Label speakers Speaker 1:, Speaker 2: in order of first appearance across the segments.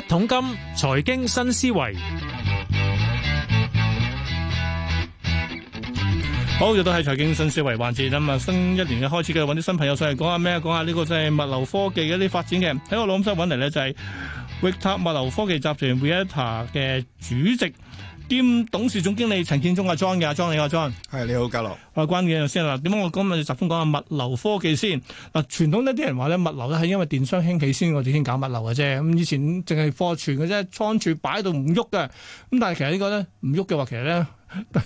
Speaker 1: 一桶金財經新思維，好，亦都係財經新思維環節咁啊，新一年嘅開始嘅，揾啲新朋友上嚟講下咩，講下呢個就係物流科技一啲發展嘅。喺我老室揾嚟咧，就係域塔物流科技集團 Vieta 嘅主席。兼董事總經理陳建中，阿莊嘅阿莊李啊莊，
Speaker 2: 係，你好，嘉樂。
Speaker 1: 好，關鍵先啦。點解我今日就集中講下物流科技先？嗱，傳統咧啲人話咧，物流咧係因為電商興起先，我哋先搞物流嘅啫。咁以前淨係貨存嘅啫，倉儲擺喺度唔喐嘅。咁但係其實個呢個咧唔喐嘅話，其實咧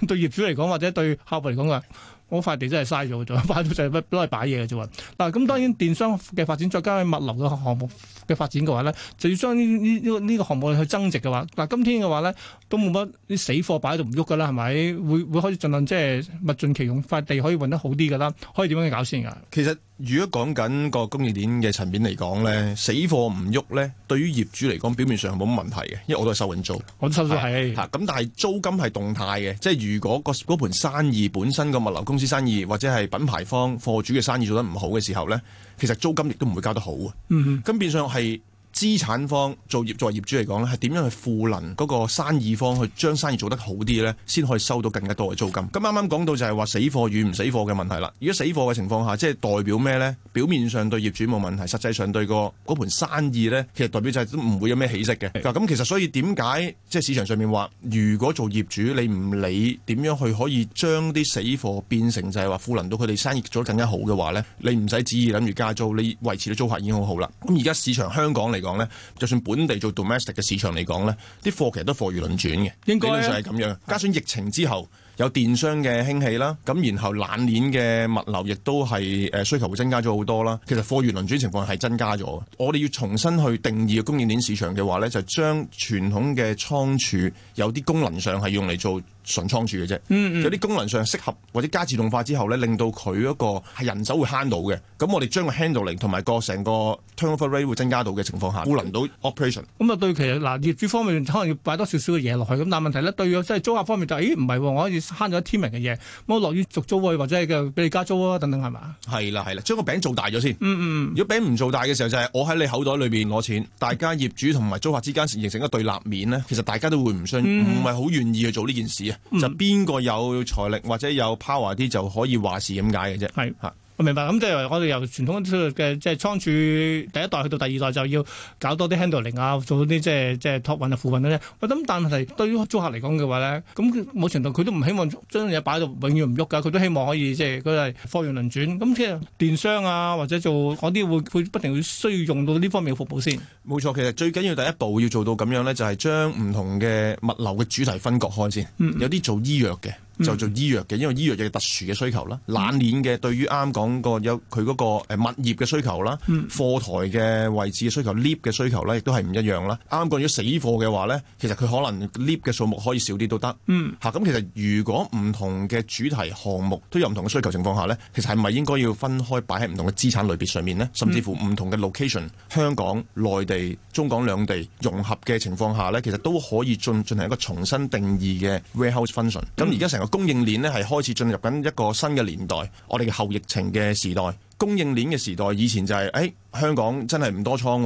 Speaker 1: 對業主嚟講，或者對客戶嚟講嘅。嗰塊地真係嘥咗，仲有就係都係擺嘢嘅啫喎。嗱，咁當然電商嘅發展，再加埋物流嘅項目嘅發展嘅話咧，就要將呢呢呢個項目去增值嘅話，嗱，今天嘅話咧都冇乜啲死貨擺喺度唔喐嘅啦，係咪？會會開始盡量即係物盡其用，塊地可以運得好啲嘅啦，可以點樣去搞先㗎？
Speaker 2: 其實如果講緊個工業鏈嘅層面嚟講咧，死貨唔喐咧，對於業主嚟講表面上冇乜問題嘅，因為我都係收緊租，我都收到係。咁，但係租金係動態嘅，即係如果、嗰個嗰盤生意本身個物流公司。啲生意或者係品牌方貨主嘅生意做得唔好嘅時候咧，其實租金亦都唔會交得好啊。咁、嗯哼、變相係。資產方做業作為業主嚟講咧，係點樣去賦能嗰個生意方去將生意做得好啲呢？先可以收到更加多嘅租金。咁啱啱講到就係話死貨與唔死貨嘅問題啦。如果死貨嘅情況下，即係代表咩呢？表面上對業主冇問題，實際上對、嗰個嗰盤生意呢，其實代表就係都唔會有咩起色嘅。嗱，咁其實所以點解即係市場上面話，如果做業主你唔理點樣去可以將啲死貨變成就係話賦能到佢哋生意做得更加好嘅話呢，你唔使旨意諗住加租，你維持啲租客已經好好啦。咁而家市場香港嚟。講咧，就算本地做 domestic 嘅市場嚟講咧，啲貨其實都貨如輪轉嘅，應該啊、理論上係咁樣，加上疫情之後。有電商嘅興起啦，咁然後冷鏈嘅物流亦都係誒需求會增加咗好多啦。其實貨源輪轉情況係增加咗，我哋要重新去定義嘅供應鏈市場嘅話咧，就將傳統嘅倉儲有啲功能上係用嚟做純倉儲嘅啫，嗯嗯有啲功能上適合或者加自動化之後咧，令到佢嗰個係人手會慳到嘅。咁我哋將個 handling 同埋個成個 turnover rate 會增加到嘅情況下，顧輪到 operation。
Speaker 1: 咁啊對其實嗱業主方面可能要擺多少少嘅嘢落去，咁但係問題咧對即係租客方面就咦唔係我慳咗天文嘅嘢，咁我落於續租位或者係叫俾你加租啊，等等係嘛？
Speaker 2: 係啦係啦，將個餅做大咗先。嗯嗯。如果餅唔做大嘅時候，就係、是、我喺你口袋裏邊攞錢、嗯，大家業主同埋租客之間形成一個對立面咧，其實大家都會唔信，唔係好願意去做呢件事啊、嗯。就邊個有財力或者有 power 啲，就可以話事咁解嘅啫。係吓。
Speaker 1: 我明白，咁即係我哋由傳統嘅即係倉儲第一代去到第二代，就要搞多啲 handling 啊，做多啲即係即係託運啊、付運嗰、啊、啲。喂，咁但係對於租客嚟講嘅話咧，咁某程度佢都唔希望將嘢擺到永遠唔喐㗎，佢都希望可以即係佢係貨源輪轉。咁即係電商啊，或者做嗰啲會會不停需要用到呢方面嘅服務先。
Speaker 2: 冇錯，其實最緊要第一步要做到咁樣咧，就係將唔同嘅物流嘅主題分割開先。有啲做醫藥嘅。Mm. 就做醫藥嘅，因為醫藥嘅特殊嘅需求啦，冷鏈嘅對於啱啱講個有佢嗰個誒物業嘅需求啦，貨台嘅位置嘅需求、lift、mm. 嘅需求咧、mm. mm.，亦都係唔一樣啦。啱啱講咗死貨嘅話咧，其實佢可能 lift 嘅數目可以少啲都得。嗯、mm. 啊，吓，咁其實如果唔同嘅主題項目都有唔同嘅需求情況下咧，其實係咪應該要分開擺喺唔同嘅資產類別上面咧？甚至乎唔同嘅 location，、mm. 香港、內地、中港兩地融合嘅情況下咧，其實都可以進進行一個重新定義嘅 warehouse function。咁而家成供應鏈咧係開始進入緊一個新嘅年代，我哋嘅後疫情嘅時代，供應鏈嘅時代，以前就係、是、誒、哎、香港真係唔多倉，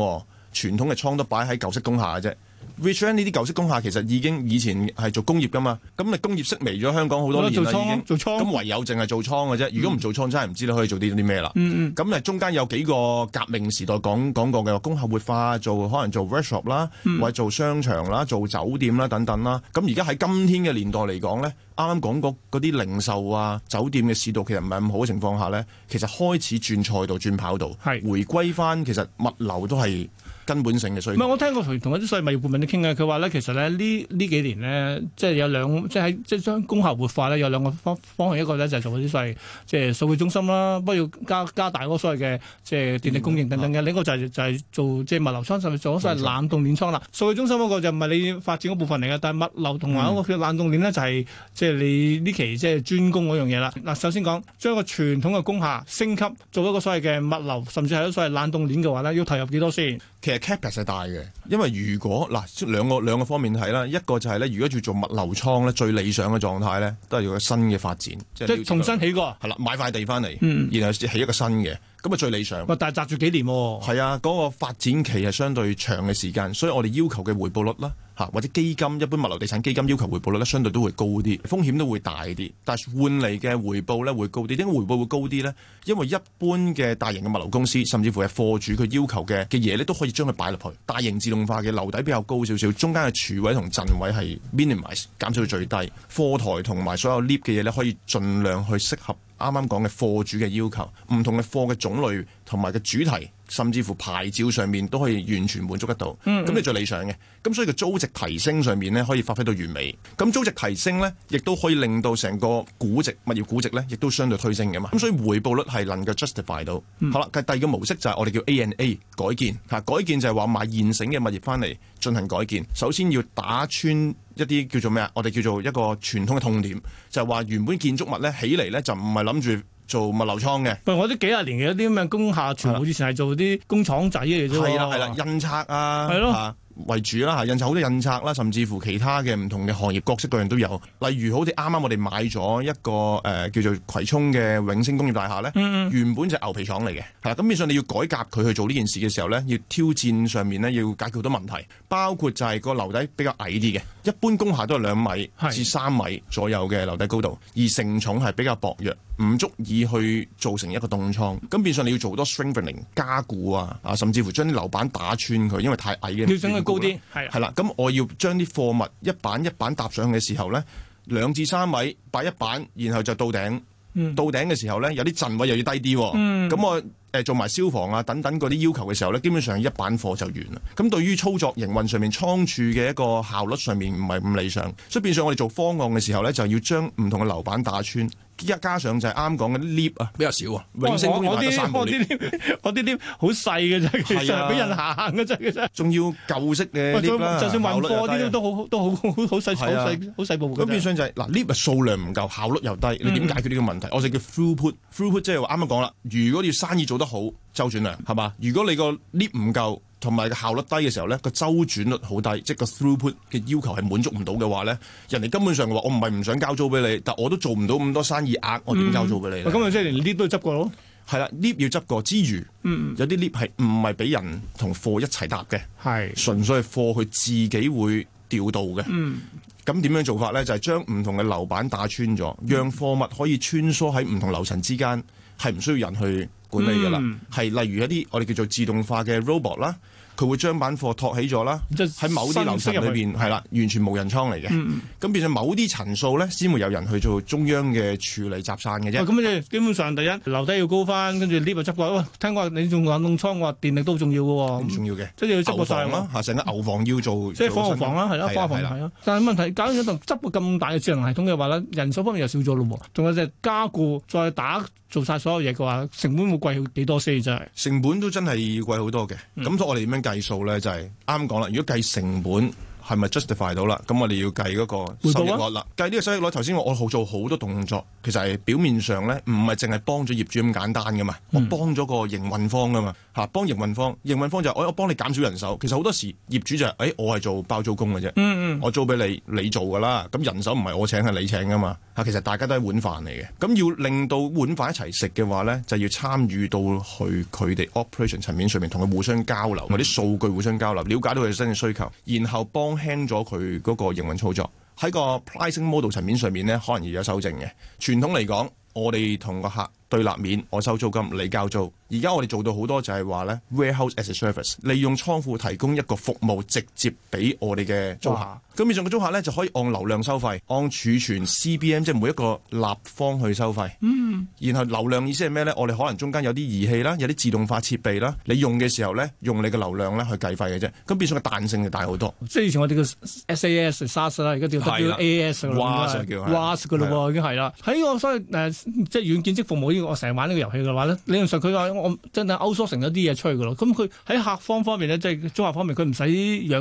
Speaker 2: 傳統嘅倉都擺喺舊式工廈啫。r e t a r l 呢啲舊式工廈其實已經以前係做工業噶嘛，咁你工業式微咗香港好多年啦，已經。做倉，咁唯有淨係做倉嘅啫，嗯。如果唔做倉，真係唔知你可以做啲啲咩啦。咁、嗯、誒、嗯、中間有幾個革命時代講講過嘅工廈活化，做可能做 workshop 啦、嗯，或者做商場啦、做酒店啦等等啦。咁而家喺今天嘅年代嚟講咧，啱啱講過嗰啲零售啊、酒店嘅市道其實唔係咁好嘅情況下咧，其實開始轉賽道轉跑道，回歸翻其實物流都係。根本性嘅需要。唔係，我聽過同同嗰啲所謂物業部門都
Speaker 1: 傾嘅，佢話咧其實咧呢呢幾年咧，即係有兩，即係喺即係將工效活化咧，有兩個方方向，一個咧就係、是、做嗰啲所謂即係數據中心啦，不過要加加大嗰所謂嘅即係電力供應等等嘅、嗯嗯，另一個就是、就係、是、做即係、就是、物流倉，甚至做嗰啲所謂冷凍鏈倉啦。數據中心嗰個就唔係你發展嗰部分嚟嘅，但係物流同埋嗰個叫冷凍鏈咧、就是嗯，就係即係你呢期即係專攻嗰樣嘢啦。嗱，首先講將個傳統嘅工廈升級，做一個所謂嘅物流，甚至係所謂冷凍鏈嘅話咧，要投入幾多先？其實 capex 係大嘅，
Speaker 2: 因為如果嗱兩個兩個方面睇啦，一個就係、是、咧，如果要做物流倉咧，最理想嘅狀態咧，都係要有新嘅發展，即重新起過，係啦，買塊地翻嚟、嗯，然後起一個新嘅，咁啊最理想。但係紮住幾年喎、哦？係啊，嗰、那個發展期係相對長嘅時間，所以我哋要求嘅回報率啦。或者基金一般物流地產基金要求回報率咧，相對都會高啲，風險都會大啲，但係換嚟嘅回報咧會高啲。點解回報會高啲咧？因為一般嘅大型嘅物流公司甚至乎係貨主佢要求嘅嘅嘢咧都可以將佢擺落去。大型自動化嘅樓底比較高少少，中間嘅柱位同陣位係 minimize 減少到最低。貨台同埋所有 lift 嘅嘢咧，可以盡量去適合啱啱講嘅貨主嘅要求，唔同嘅貨嘅種類同埋嘅主題。甚至乎牌照上面都可以完全滿足得到，咁你最理想嘅，咁所以個租值提升上面呢，可以發揮到完美，咁租值提升呢，亦都可以令到成個估值物業估值呢，亦都相對推升嘅嘛，咁所以回報率係能夠 justify 到。嗯、好啦，第二個模式就係我哋叫 A and A 改建，改建就係話買現成嘅物業翻嚟進行改建，首先要打穿一啲叫做咩啊？我哋叫做一個傳統嘅痛點，就係、是、話原本建築物呢，起嚟呢就唔係諗住，做物流倉嘅，
Speaker 1: 唔係我啲幾十年嘅啲咁嘅工廈，全部以前係
Speaker 2: 做啲工廠仔嘅嘅啫，係啦係啦，印刷啊，係咯、啊、為主啦、啊、印刷好多印刷啦、啊，甚至乎其他嘅唔同嘅行業各式各樣都有。例如好似啱啱我哋買咗一個、呃、叫做葵涌嘅永星工業大廈咧、嗯嗯，原本就係牛皮廠嚟嘅，啦咁。變相你要改革佢去做呢件事嘅時候咧，要挑戰上面咧，要解決好多問題，包括就係個樓底比較矮啲嘅，一般工廈都係兩米至三米左右嘅樓底高度，而承重係比較薄弱。唔足以去造成一個凍倉，咁變相你要做多 strengthening 加固啊，啊，甚至乎將啲樓板打穿佢，因為太矮嘅。要將佢高啲，係、嗯、啦，咁我要將啲貨物一板一板搭上去嘅時候呢，兩至三米擺一板，然後就到頂。嗯、到頂嘅時候呢，有啲陣位又要低啲。喎、嗯。咁我、呃、做埋消防啊等等嗰啲要求嘅時候呢，基本上一板貨就完啦。咁對於操作營運上面倉儲嘅一個效率上面唔係咁理想，所以變相我哋做方案嘅時候呢，就要將唔同嘅樓板打穿。一加上就係啱講嘅啲 lift 啊，比較少啊，永勝工業賣
Speaker 1: 到
Speaker 2: lift，啲好細嘅啫，其實係俾人行嘅啫，仲、啊、要舊式嘅，就算運貨啲都好都好好好細好、啊、細好細部。咁變相就係嗱 lift 數量唔夠，效率又低，你點解決呢個問題？嗯、我哋叫 throughput，throughput 即係話啱啱講啦。如果你要生意做得好，周轉量係嘛？如果你個 lift 唔夠。同埋效率低嘅時候咧，個周轉率好低，即係個 throughput 嘅要求係滿足唔到嘅話咧，人哋根本上嘅話，我唔係唔想交租俾你，但我都做唔到咁多生意額，我點交租俾你？咁、嗯、啊、嗯嗯嗯嗯，即係連 lift 都要執過咯。係啦，lift 要執過之餘，嗯、有啲 lift 係唔係俾人同貨一齊搭嘅，純粹係貨佢自己會調度嘅。咁、嗯、點樣做法咧？就係、是、將唔同嘅樓板打穿咗，讓貨物可以穿梭喺唔同樓層之間，係唔需要人去管理嘅啦，係、嗯、例如一啲我哋叫做自動化嘅 robot 啦，佢會將板貨托起咗啦，即係喺某啲樓層裏邊係啦，完全無人倉嚟嘅。咁、嗯、變咗某啲層數咧，先會有人去做中央嘅處理集散嘅啫。
Speaker 1: 咁、哦、啊，基本上第一樓底要高返，跟住呢個執骨。喂，聽講你仲冷凍倉，話電力都好重要嘅。唔重
Speaker 2: 要嘅，即係要執個上牛房成、啊、間牛房要做。即係防火房啦、啊，係啦，防火房係、啊、啦。
Speaker 1: 但係問題搞咗度執個咁大嘅智能系統嘅話咧，人手方面又少咗咯喎，仲有隻加固再打。做晒所有嘢嘅話，成本會貴幾多先？真係
Speaker 2: 成本都真係貴好多嘅。咁、嗯、所以我哋點樣計數咧？就係啱啱講啦。如果計成本，係咪 justify 到啦？咁我哋要計嗰個收益率啦。計呢個收益率，頭先我我好做好多動作，其實係表面上咧，唔係淨係幫咗業主咁簡單噶嘛、嗯。我幫咗個營運方噶嘛，嚇幫營運方。營運方就我我幫你減少人手。其實好多時業主就誒、是哎，我係做包租公嘅啫。我租俾你，你做噶啦。咁人手唔係我請，係你請噶嘛。嚇，其實大家都係碗飯嚟嘅。咁要令到碗飯一齊食嘅話咧，就要參與到去佢哋 operation 層面上面，同佢互相交流，或者數據互相交流，了解到佢哋新嘅需求，然後幫。輕咗佢嗰個營運操作喺個 pricing model 層面上面咧，可能要有修正嘅。傳統嚟講，我哋同個客。對立面我收租金，你交租。而家我哋做到好多就係話咧，warehouse as a service，利用倉庫提供一個服務，直接俾我哋嘅租客。咁變相個租客咧就可以按流量收費，按儲存 CBM，即係每一個立方去收費。嗯。然後流量意思係咩咧？我哋可能中間有啲儀器啦，有啲自動化設備啦，你用嘅時候咧，用你嘅流量咧去計費嘅啫。咁變相個彈性就大好多。即係以前我哋叫
Speaker 1: s a s SaaS 啦，而家叫 WaaS 啦，話上叫係啦，話上嘅咯喎，已經係啦。喺我所以誒、呃，即係軟件即服務。我成日玩呢個遊戲嘅話咧，理論上佢話我真係 outsource 咗啲嘢出去噶咯。咁佢喺客方方面咧，即係租客方面，佢唔使養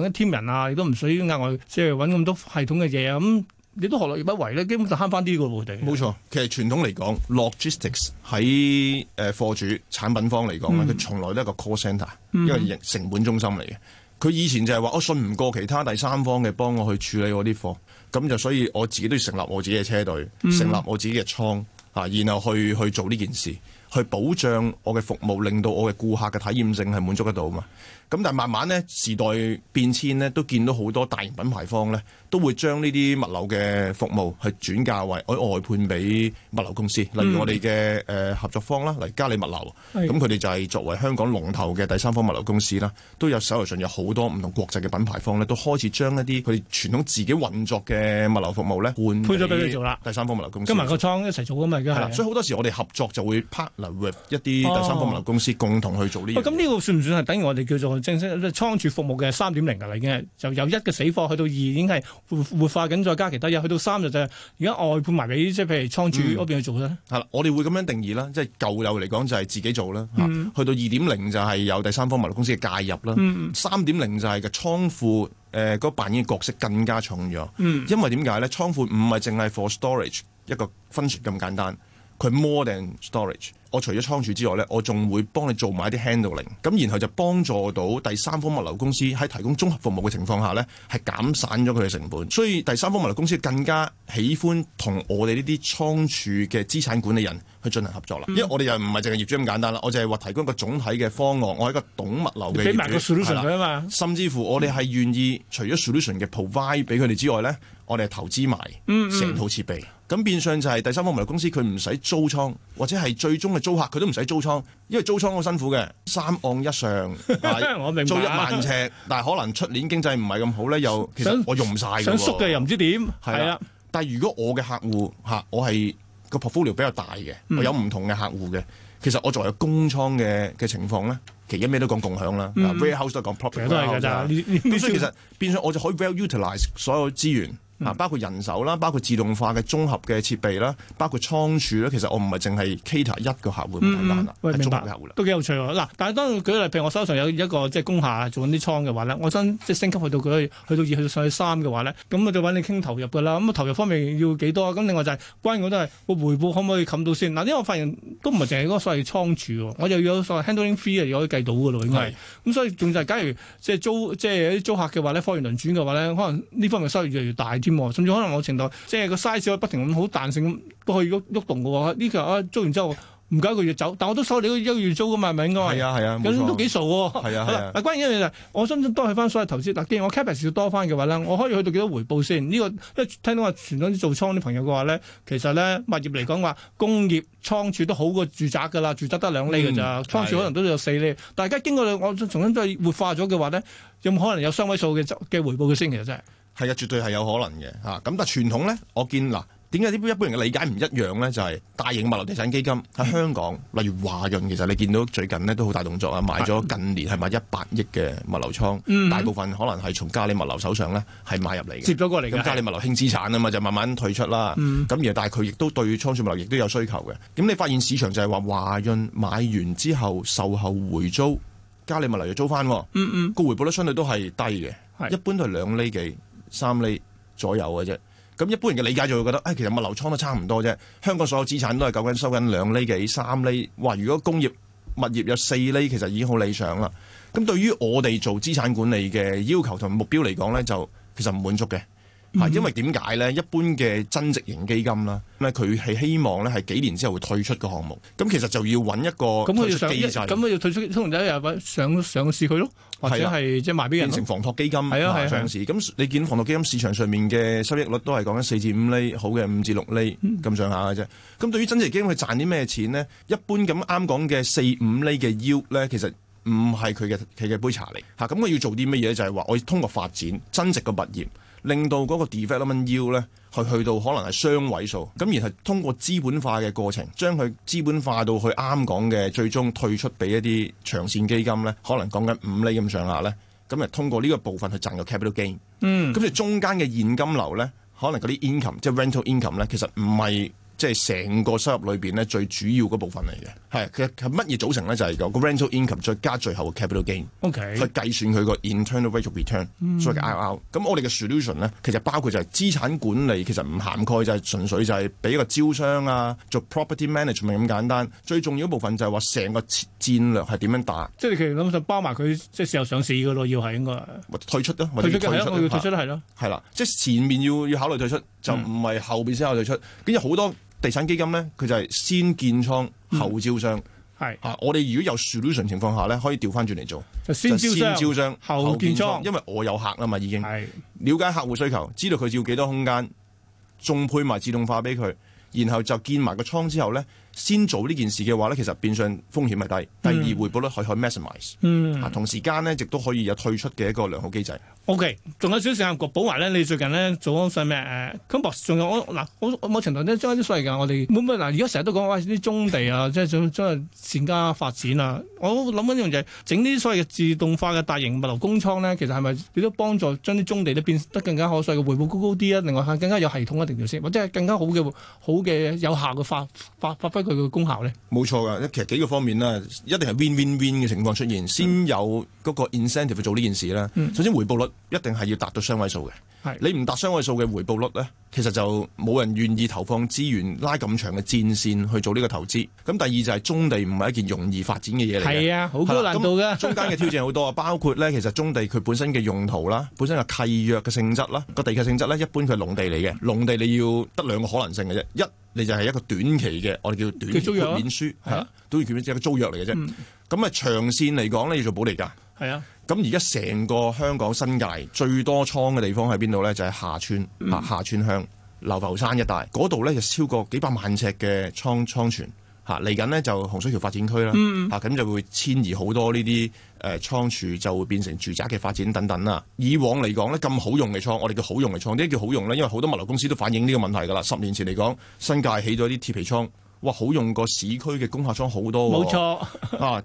Speaker 1: 一 team 人啊，亦都唔使額外即係搵咁多系統嘅嘢啊。咁你都何樂而不為咧，基本上就慳翻啲個目的。冇錯，
Speaker 2: 其實傳統嚟講，logistics 喺誒貨主產品方嚟講，佢從來都係一個 call center，因為成本中心嚟嘅。佢以前就係話我信唔過其他第三方嘅幫我去處理我啲貨，咁就所以我自己都要成立我自己嘅車隊、嗯，成立我自己嘅倉。然後去去做呢件事。去保障我嘅服務，令到我嘅顧客嘅體驗性係滿足得到嘛？咁但係慢慢咧，時代變遷咧，都見到好多大型品牌方咧，都會將呢啲物流嘅服務去轉價嫁為外判俾物流公司。例如我哋嘅誒合作方啦，例如嘉里物流，咁佢哋就係作為香港龍頭嘅第三方物流公司啦，都有手頭上有好多唔同國際嘅品牌方咧，都開始將一啲佢哋傳統自己運作嘅物流服務咧，換咗俾佢做啦。第三方物流公司跟埋個倉一齊
Speaker 1: 做㗎嘛，而家係啦。所以
Speaker 2: 好多時我哋合作就會拍嗱，一啲第三方物流公司共同去做呢？咁、
Speaker 1: 哦、呢、啊、個算唔算係等於我哋叫做正式倉儲服務嘅三點零啊？去到2已經係就由一嘅死貨去到二，已經係活活化緊，再加其他嘢、嗯嗯嗯嗯就是嗯，去到三就就係而家外判埋俾即係譬如倉儲嗰邊去做咧。
Speaker 2: 係啦，我哋會咁樣定義啦，即係舊有嚟講就係自己做啦，去到二點零就係有第三方物流公司嘅介入啦，三點零就係嘅倉庫誒嗰扮演嘅角色更加重咗、嗯，因為點解咧？倉庫唔係淨係 for storage 一個 function 咁簡單。佢 more than storage，我除咗倉儲之外咧，我仲會幫你做埋一啲 handling，咁然後就幫助到第三方物流公司喺提供綜合服務嘅情況下咧，係減散咗佢嘅成本。所以第三方物流公司更加喜歡同我哋呢啲倉儲嘅資產管理人去進行合作啦、嗯。因為我哋又唔係淨係業主咁簡單啦，我淨係話提供一個總體嘅方案。我係一個懂物流嘅業主，俾埋個 solution 佢啊嘛。甚至乎我哋係願意除咗 solution 嘅 provide 俾佢哋之外咧，我哋係投資埋成套設備。嗯嗯咁變相就係第三方物流公司佢唔使租倉，或者係最終嘅租客佢都唔使租倉，因為租倉好辛苦嘅。三按一上， 我明租一萬尺， 但係可能出年經濟唔係咁好咧，又其實我用唔曬嘅。想縮嘅又唔知點。係啊，啊，但係如果我嘅客戶、啊、我係個 portfolio 比較大嘅，我有唔同嘅客戶嘅、嗯，其實我作為工倉嘅嘅情況咧，其一咩都講共享啦。Warehouse 都講 property 都係嘅啫。其實變相我就可以 well utilise 所有資源。嗱，包括人手啦，包括自動化嘅綜合嘅設備啦，包括倉儲咧，其實我唔係淨係 cater 一個客戶咁簡單啦，係綜合客戶啦，
Speaker 1: 都幾有趣喎！嗱，但係當舉例，譬如我手上有一個即係工廈做緊啲倉嘅話咧，我想即係升級去到佢去到二去到上去三嘅話咧，咁我就揾你傾投入嘅啦。咁投入方面要幾多？咁另外就係、是、關於我都係個回報可唔可以冚到先嗱？因為我發現都唔係淨係嗰個所謂倉儲喎，我就要有所謂 handling fee 可以計到嘅咯。係咁，所以仲就係、是、假如即係租即係啲租客嘅話咧，貨源輪轉嘅話咧，可能呢方面收益越嚟越大。甚至可能我程度，即係個 size 可以不停咁好彈性咁都可以喐喐動嘅喎、哦。呢、這、期、個、租完之後唔夠一個月走，但我都收你一個月租嘅嘛，係咪應該？係啊係啊，咁都幾熟喎。係啊係啊。嗱，關鍵一樣就係，我相信多去翻所有投資。嗱、啊，既然我 capex 要多翻嘅話咧，我可以去到幾多回報先？呢、這個因為聽到話傳統啲做倉啲朋友嘅話咧，其實咧物業嚟講話，工業倉儲都好過住宅㗎啦，住宅得兩厘㗎咋、嗯，倉儲、啊、可能都有四厘。大家經過我重新再活化咗嘅話咧，有冇可能有雙位數嘅嘅回報嘅先其實真係？
Speaker 2: 係啊，絕對係有可能嘅咁、啊、但係傳統咧，我見嗱點解呢一般人嘅理解唔一樣咧？就係、是、大型物流地產基金喺香港、嗯，例如華潤，其實你見到最近咧都好大動作啊，買咗近年係買一百億嘅物流倉、嗯，大部分可能係從嘉里物流手上咧係買入嚟嘅。接咗過嚟咁，嘉里物流輕資產啊嘛，就慢慢退出啦。咁、嗯、而但係佢亦都對倉儲物流亦都有需求嘅。咁你發現市場就係話華潤買完之後，售後回租，嘉里物流又租翻，個、
Speaker 1: 嗯、
Speaker 2: 回報率相對都係低嘅，一般都係兩厘幾。三厘左右嘅啫，咁一般人嘅理解就會覺得，哎，其實物流倉都差唔多啫。香港所有資產都係夠緊收緊兩厘幾三厘，哇！如果工業物業有四厘，其實已經好理想啦。咁對於我哋做資產管理嘅要求同目標嚟講咧，就其實唔滿足嘅。係、嗯，因為點解咧？一般嘅增值型基金啦，咁佢係希望咧係幾年之後會退出個項目，咁其實就要揾一個機制，咁
Speaker 1: 佢要退出？通常第一日上上，上市佢咯，或者係即係賣俾人，變成房託基金，係啊係啊上市。
Speaker 2: 咁你見房託基金市場上面嘅收益率都係講緊四至五厘，好嘅五至六厘咁上下嘅啫。咁、嗯、對於增值基金佢賺啲咩錢呢？一般咁啱講嘅四五厘嘅 U 咧，其實唔係佢嘅佢嘅杯茶嚟吓。咁、嗯、佢要做啲乜嘢？就係話我通過發展增值嘅物業。令到嗰個 development yield 咧，去去到可能係雙位數，咁然後通過資本化嘅過程，將佢資本化到去啱講嘅最終退出，俾一啲長線基金咧，可能講緊五厘咁上下咧，咁就通過呢個部分去賺個 capital gain，嗯，咁就中間嘅現金流咧，可能嗰啲 income，即係 rental income 咧，其實唔係。即係成個收入裏面咧，最主要嗰部分嚟嘅，係其實係乜嘢組成咧？就係、是、個 rental income 再加最後嘅 capital gain，、okay。去計算佢個 internal rate of return，、嗯、所以 IRR。咁我哋嘅 solution 咧，其實包括就係資產管理，其實唔涵蓋就係、是、純粹就係俾一個招商啊，做 property management 咁簡單。最重要一部分就係話成個戰略係點樣打。
Speaker 1: 即係其實諗就包埋佢即係時候上市㗎咯，要係應該。
Speaker 2: 退出咯、啊，退出嘅、啊、退出啦，係咯，係啦、啊啊，即係前面要要考慮退出，就唔係後面先考慮退出。咁、嗯、有好多。地產基金咧，佢就係先建倉後招商。係、嗯，啊，我哋如果有 solution 情況下咧，可以調翻轉嚟做，就先招商、就係、先招商後建倉。因為我有客啦嘛，已經了解客戶需求，知道佢要幾多空間，仲配埋自動化俾佢，然後就建埋個倉之後咧。先做呢件事嘅話呢，其實變相風險係低，嗯，第二回報率可以，以 maximise，嗯，同時間呢，亦都可以有退出嘅一個良好機制。
Speaker 1: O K，仲有少少時間，保華咧，你最近呢，做咗咩？誒，金博仲有我嗱，我我，我，我某程度咧將啲所謂嘅我哋冇乜嗱，而家成日都講話啲棕地啊，即係想將善加發展啊，我諗緊一樣嘢整呢啲所謂嘅自動化嘅大型物流工倉呢，其實係咪你都幫助將啲棕地咧變得更加可稅嘅回報高高啲啊？另外更加有系統一定要先，或者更加好嘅好嘅有效嘅發發發揮。佢個功效咧，
Speaker 2: 冇錯噶，其實幾個方面啦，一定係 win win win 嘅情況出現，先有嗰個 incentive 去做呢件事啦、嗯。首先回報率一定係要達到雙位數嘅，係。你唔達雙位數嘅回報率咧，其實就冇人願意投放資源拉咁長嘅戰線去做呢個投資。咁第二就係中地唔係一件容易發展嘅嘢嚟嘅。係啊，好高難度嘅、啊。中間嘅挑戰好多啊， 包括咧，其實中地佢本身嘅用途啦，本身嘅契約嘅性質啦，個地契性質咧，一般佢係農地嚟嘅。農地你要得兩個可能性嘅啫，一你就係一個短期嘅，我哋叫短叫租約。免書都要租約即係個租約嚟嘅啫。咁、嗯、啊，長線嚟講咧要做保利㗎。係啊。咁而家成個香港新界最多倉嘅地方喺邊度咧？就係下村，下村鄉流浮山一帶嗰度咧，就超過幾百萬尺嘅倉，倉存嚟緊咧，就洪水橋發展區啦，咁、嗯、就會遷移好多呢啲誒倉儲，就會變成住宅嘅發展等等啦。以往嚟講咧，咁好用嘅倉，我哋叫好用嘅倉，點叫好用咧？因為好多物流公司都反映呢個問題㗎啦。十年前嚟講，新界起咗啲鐵皮倉，哇，好用過市區嘅工客倉好多。冇錯啊！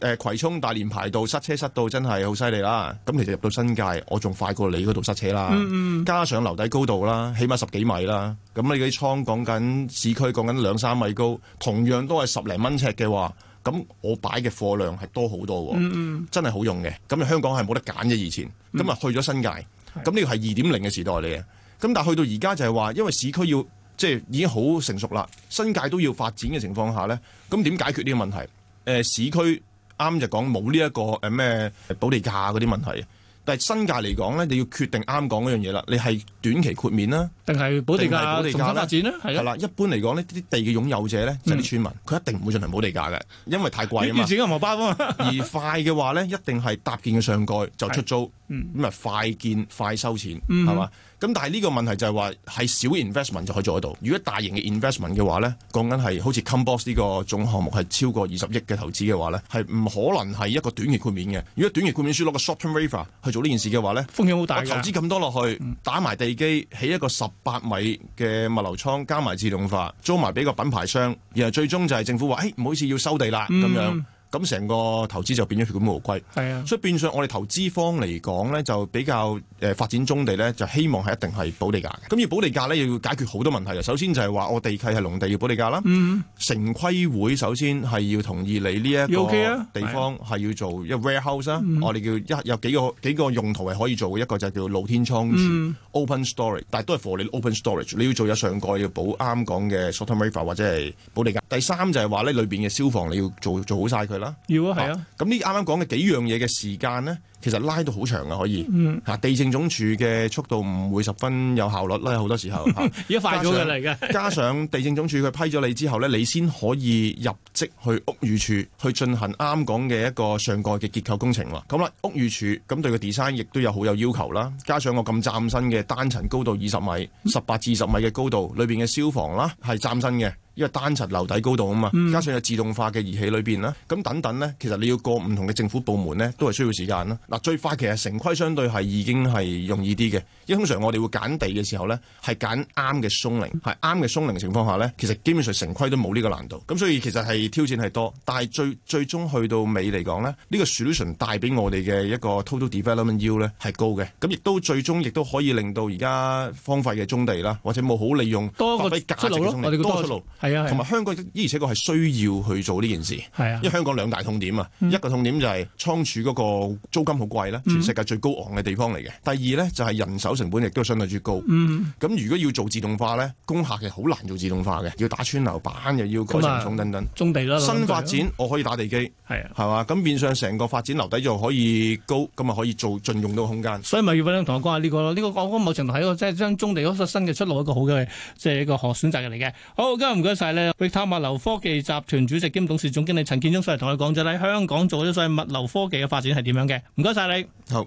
Speaker 2: 誒、呃、葵涌大連排道塞車塞到真係好犀利啦！咁其實入到新界，我仲快過你嗰度塞車啦、嗯嗯。加上樓底高度啦，起碼十幾米啦。咁你嗰啲倉講緊市區講緊兩三米高，同樣都係十零蚊尺嘅話，咁我擺嘅貨量係多好多喎、嗯嗯！真係好用嘅。咁香港係冇得揀嘅以前，咁啊去咗新界，咁、嗯、呢個係二點零嘅時代嚟嘅。咁但係去到而家就係話，因為市區要即係已經好成熟啦，新界都要發展嘅情況下呢，咁點解決呢個問題？呃、市區。啱就講冇呢一個誒咩保地價嗰啲問題，但係新界嚟講咧，你要決定啱講嗰樣嘢啦，你係短期豁免啦，定係保地價保地新發展咧，係啦、嗯。一般嚟講呢啲地嘅擁有者咧就啲村民，佢、嗯、一定唔會進行保地價嘅，因為太貴啊嘛。 而快嘅話咧，一定係搭建嘅上蓋就出租，咁咪、嗯、快建快收錢，係、嗯、嘛？咁但係呢個問題就係話係小 investment 就可以做得到。如果大型嘅 investment 嘅話咧，講緊係好似 Combox 呢個總項目係超過二十億嘅投資嘅話咧，係唔可能係一個短期豁免嘅。如果短期豁免書攞個 Short Term Waiver 去做呢件事嘅話咧，風險好大。投資咁多落去，打埋地基，起一個十八米嘅物流倉，加埋自動化，租埋俾個品牌商，然後最終就係政府話：誒、哎、唔好意思，要收地啦咁、嗯、樣。咁成個投資就變咗血本無歸，係啊，所以變相我哋投資方嚟講咧，就比較誒發展中地咧，就希望係一定係保，保地價嘅。咁要保地價咧，要解決好多問題。首先就係話我地契係農地要保地價啦，嗯，城規會首先係要同意你呢一個地方係、啊啊、要做一 warehouse 啊、嗯，我哋叫一有幾個，幾個用途係可以做嘅，一個就係叫露天倉、嗯、open storage，但都係 for 你 open storage，你要做有上蓋要保啱講嘅 shorter roof 或者係保地價。第三就係話咧裏面嘅消防你要做做好晒佢。啦，要啊，係啊，咁呢啱啱講嘅幾樣嘢嘅時間咧，其實拉到好長啊，可以，吓地政總署嘅速度唔會十分有效率啦，好多時候吓。而家、啊、 快咗佢嚟嘅， 加上地政總署佢批咗你之後咧，你先可以入職去屋宇處去進行啱講嘅一個上蓋嘅結構工程啦。咁、啊、啦，屋宇處咁對個 design 亦都有好有要求啦。加上我咁嶄新嘅單層高度二十米、十八至二十米嘅高度，裏邊嘅消防啦係嶄新嘅。因為單層樓底高度啊嘛，加上有自動化嘅儀器裏邊啦，咁、嗯、等等咧，其實你要過唔同嘅政府部門咧，都係需要時間啦。嗱，最快其實城規相對係已經係容易啲嘅，因為通常我哋會揀地嘅時候咧，係揀啱嘅 zoning，係啱嘅 zoning 情況下咧，其實基本上城規都冇呢個難度。咁所以其實係挑戰係多，但係最最終去到尾嚟講咧，呢、呢個 solution 帶俾我哋嘅一個 total development yield 咧係高嘅，咁亦都最終亦都可以令到而家荒廢嘅棕地啦，或者冇好利用，發揮價值嘅棕地多個多出路。同埋、啊啊、香港，依而且確係需要去做呢件事、啊，因為香港兩大痛點啊、嗯，一個痛點就係倉儲嗰個租金好貴啦、嗯，全世界最高昂嘅地方嚟嘅。第二咧就係、是、人手成本亦都相對之高。咁、嗯、如果要做自動化咧，工廈係好難做自動化嘅，要打穿樓板又要改重等等。中地啦、就是，新發展我可以打地基，係啊，係嘛？咁變相成個發展樓底就可以高，咁啊可以做盡用到空間。所以咪要分享同我講下呢、這個咯，呢、這個我覺得某程度
Speaker 1: 係一個即係將中地嗰個新嘅出路一個好嘅即係一個好選擇嚟嘅。好，今日唔該。晒咧，域塔物流科技集團主席兼董事總經理陳建中上嚟同你講咗咧，香港做咗所以物流科技嘅發展係點樣嘅，唔該晒你。
Speaker 2: 好。